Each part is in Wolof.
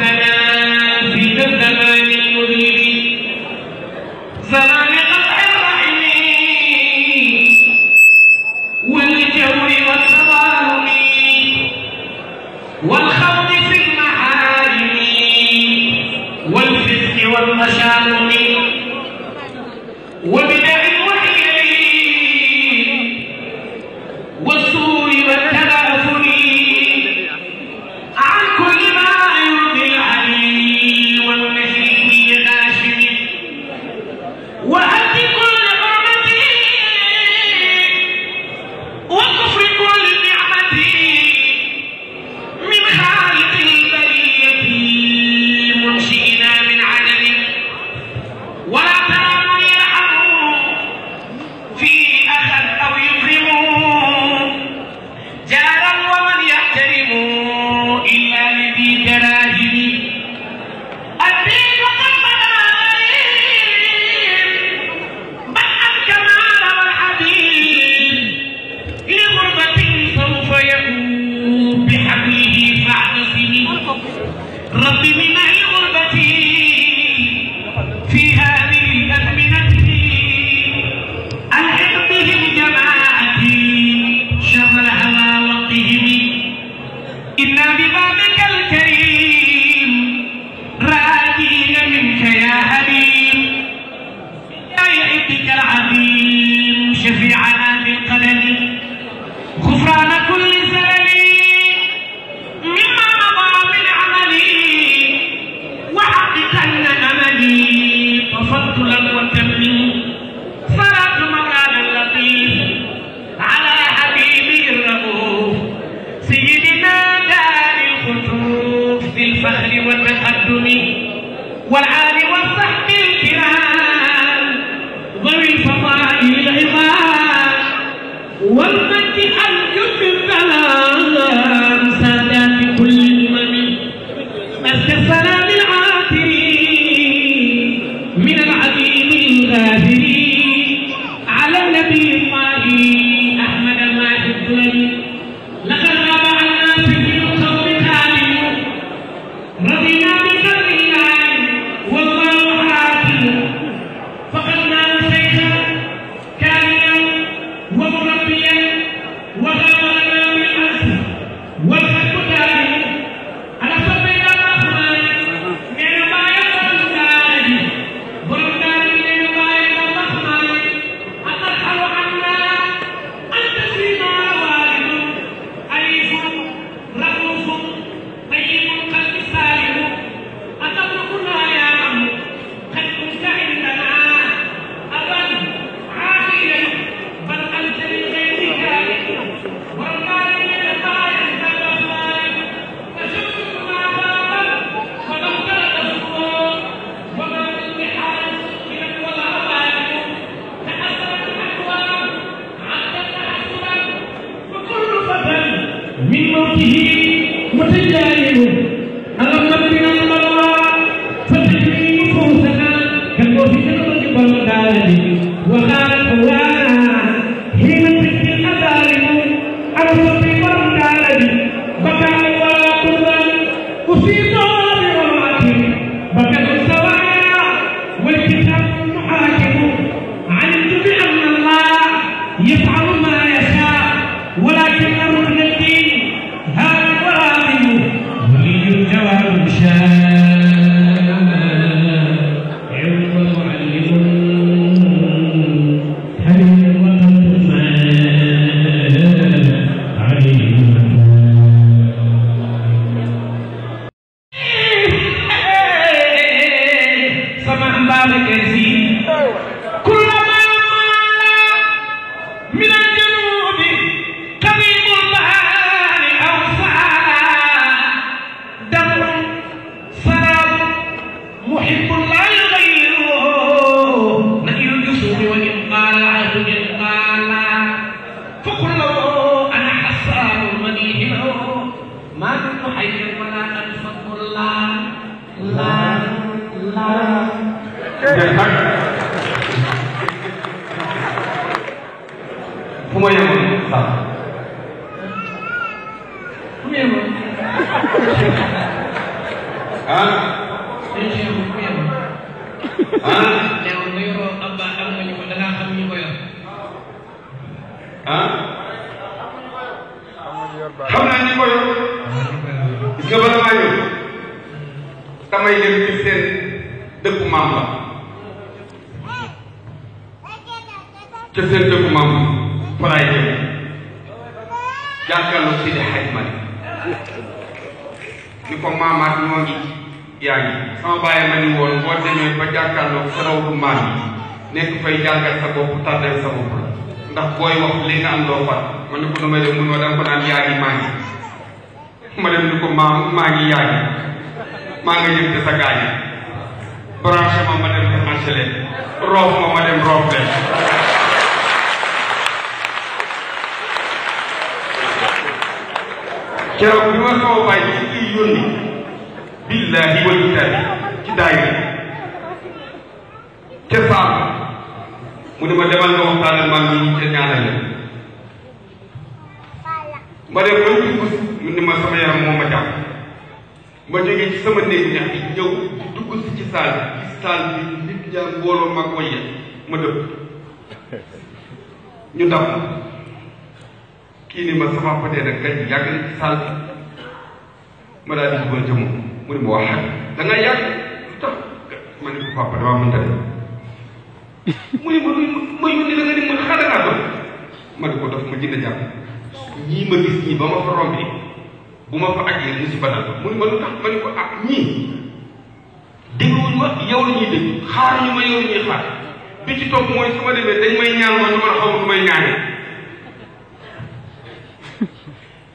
السلام في الزمان إلا بما من والعالم أحباب الإنسي كلما مالا من الجنوب قريب البحر أوسع دمع سراب محب الله غيره نكير الجسوم وإن قال عهد إن قال فقل له أنا حسان منيه له ما كنت حيا ولا أنفق الله لا لا 이제 딱. 부모님 다. 부모님. 아? 인신 부모님. 아? 내 오늘로 아빠 어머니 보다나 한미 보여. 아? 하나님 보여. 이거 봐라 말이야. tamay dem ci seen dëkku maam la ca seen dëkku maam fa laay dem jàkkaarloo Sidi Hadj Malick ni ko maamaat ñoo ngi yaa ngi sama bàyyi ma ni woon boo demee ba jàkkaarloo sa raw du maam yi nekk fay jàngal sa bopp tardel sa ndax booy wax li nga am doo far ma ne ko nu mun ma dama ko naan yaa ngi maa ngi ma dem ni ko maam maa ngi ma dem branché leen roof ma ma dem roof leen keroog bi ma sama bàyyi ci kii yónni billaahi wal kitaabi ci daayira ca saam mu ne ma demal nga waxtaanal man ñi ca ñaanal la ma dem ba ñu dugg mu ne ma sama yaram moo ma jàpp ma jógee ci sama néeg ñax ñëw di dugg si ci saal bi ci saal bi nit ñaa mbooloo mag waye ma dëpp ñu dab kii ni ma sama côté nag day yàgg ci saal bi ma daal di dugal jëmm mu ne ma wax da nga yàgg lu tax ma ne ko papa damaa mënta dem mu ne ma ma yónni la nga ni ma xaaral laa doon ma ne ko daf ma jënd jàpp ñii ma gis ñii ba ma fa rombi bu ma fa àggee musiba la mu ne ma lu tax ma ne ko ah ñii dégluwuñ ma yow la ñuy dégg xaaruñu ma yow la ñuy xaar bi ci topp mooy su ma demee dañ may ñaan ma ñu mën a xaw ma may ñaanee.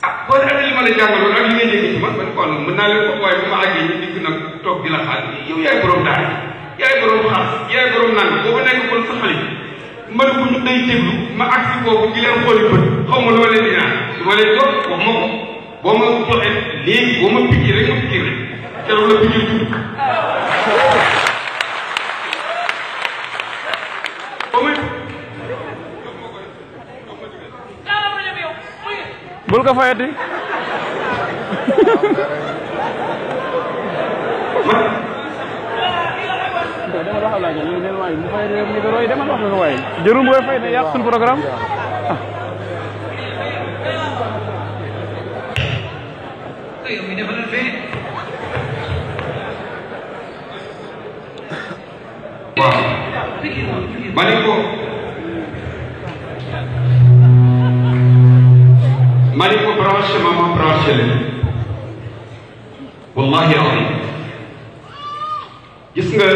ah boo amee li ma la jàngaloon ak li ngay dégg ci man man ko mën naa waaye bu ma àggee ñu dikk nag toog di la xaar yow yaay borom daal yaay borom xaas yaay borom naan boo ko sa xarit man bu ñu day déglu ma àgg si boobu di leen xooli bët xaw ma loo leen di ñaan ma leen jox wax ma ko boo ma joxee léegi boo ma picc rek ma picc rek te loolu la picc ka fayati demal wax la ñu ne waay mu fay وسلم والله azim gis nga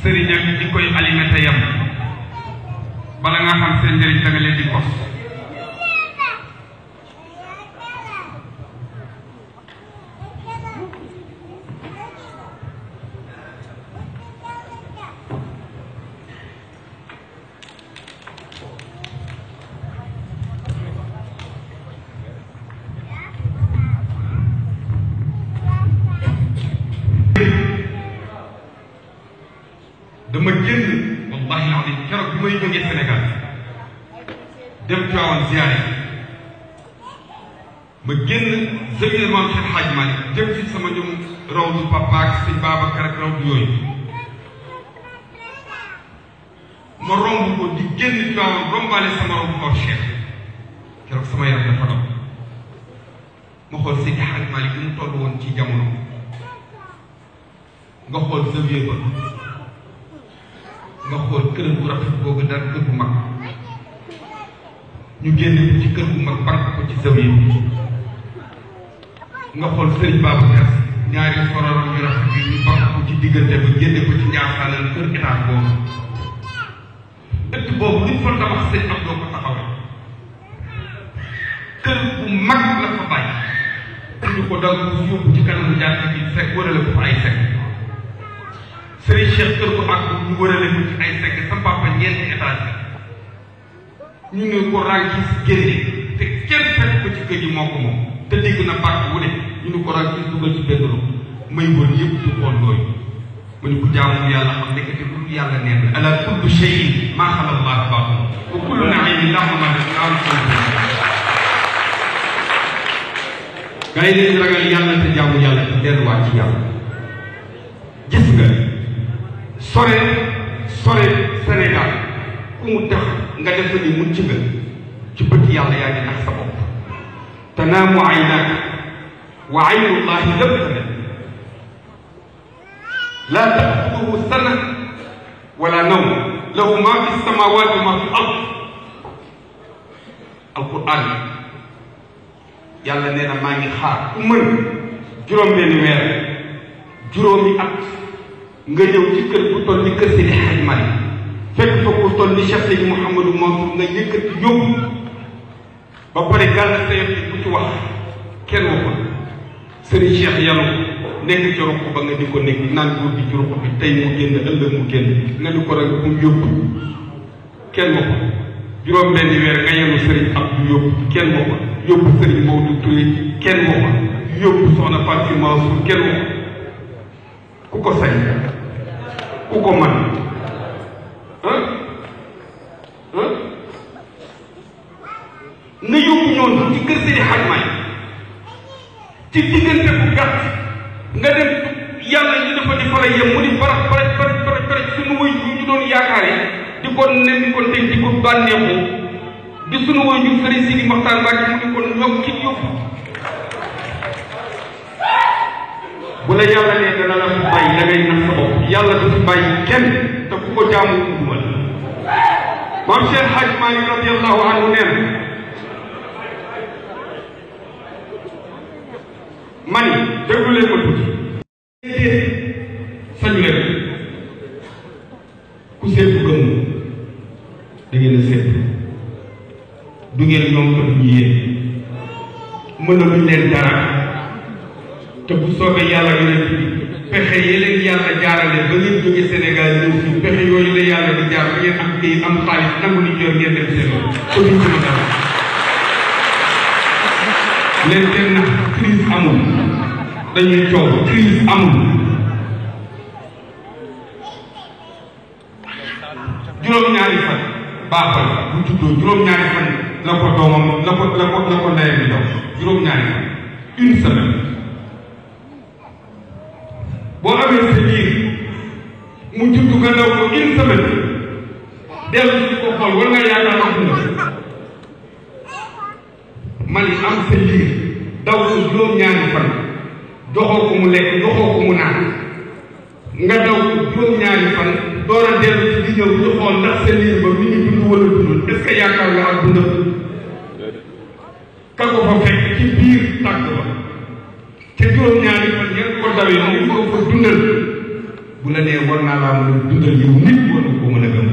sëriñ ak di koy alimenté yam bala nga xam seen njëriñ da nga leen di kos bi may jógee Sénégal dem Tiwaawan ziyaare ma génn zëwee maam Cheikh Hadj Malick dem ci sama ñoom rawdu papa ak sëñ Babacar ak rawdu yooyu ma romb ko di génn Tiwaawan rombaale sama rawdu Mor Cheikh keroog sama yaram dafa doon ma xool Seydi Hadj Malick mu toll woon ci jamono nga xool zëwee ba. nga xool kër bu rafet boobu daal kër bu mag ñu génne ko ci kër bu mag bank ko ci zaw yi nga xool sëriñ Babacar ñaari xororam yu rafet yi ñu bank ko ci diggante ba génne ko ci njaaxaalal kër état boobu ëtt boobu luñ fa tabax sëñ am doo ko taxawee kër bu mag la fa bàyyi ñu ko dagg yóbbu ci kanamu jàkk bi fekk wërale ko fa ay fekk Serigne Cheikh kër gu àgg ñu wërale ko ci ay segg sa papa ñeenti étage ñu ngi ko ràññ ci génne kër gi moo moom te dégg na bàq wu ne ñu ngi ko ràññ ci dugal ci benn loxo may woon yëpp du xool loolu. mu ne ku jaamu yàlla xam ne que lu yàlla neen ala kullu shay'in maa xala allah baaxul wa kullu naimin lahu ma daal gars yi dañu ragal yàlla te jaamu yàlla delluwaat ci yàlla gis nga. sore sore Sénégal ku mu tax nga def ni mucc nga ci bëgg yàlla yaa ngi nax tanaamu aynaaka wa aynullahi lam tanam la taxuduhu sana wala nawm lahu ma fi samawati wa fi ard alquran yàlla maa ngi xaar ku mën juróom benn weer juróomi at nga ñëw ci kër bu toll ni kër Seydi Hadji Malick fekk fa ku toll ni Cheikh Seydi Mouhamadou Mansour nga yëkkati yóbbu ba pare gàllankoor bu ci wax ko Serigne Cheikh ba nga di ko nekk naan góor gi ci mu génn nga ñu ko rek mu yóbbu kenn wu ko juróom benn weer nga yenu Serigne Abdou yóbbu kenn wu ko yóbbu Serigne Maodo Touré kenn wu ko yóbbu Soxna Fatou Mansour kenn wu ko ku ko sañ. ku ko mën ah ah na yóbbu ñoon ci kër seen xajmaay ci diggante bu gàtt nga dem yàlla ñu dafa di fara yem mu di farax farax farax farax farax suñu wëy ñu yaakaare di ko nemmi ko teg di ko bànneexu di suñu wëy ñu sëriñ di waxtaan baa mu di ko ñoom ci yóbbu bu la yàlla nee dana la fi bàyyi da ngay sa bopp yàlla du fi bàyyi kenn te ku ko jaamu dugal maam Cheikh Hadj Malick radiyallahu anhu nee na man déglu leen ma tuuti déedéet ku seetu gëm da ngeen seetu du ngeen ñoom kon ñi yéen mënaluñ leen dara soobee yàlla yonent bi pexe yi leen yàlla jaarale ba ngeen jóge Sénégal ñëw fii pexe yooyu la yàlla di jaar ba ngeen am kii am xaalis nangu nit yor ngeen dem seen commune sama dara leen seen nag crise amul dañuy coow crise amul juróom-ñaari fan baaxal bu juddoo juróom-ñaari fan la ko doomam la ko la ko la ko ndeyam di dox juróom-ñaari fan une semaine boo amee sa biir mu judd nga ndaw ko une semaine dellu si ko xool war nga yaakaar àdduna man am sa biir daw ko juróom-ñaari fan joxoo ko mu lekk joxoo ko mu naan nga daw juróom-ñaari fan door a dellu ci di ñëw di xool ndax sa biir ba mi ngi dund wala dundul est-ce que yaakaar nga àdduna ka ko fa fekk ci biir tàgg ba te juróom-ñaari kaw yi la nee war naa laa mën ko mën a gëm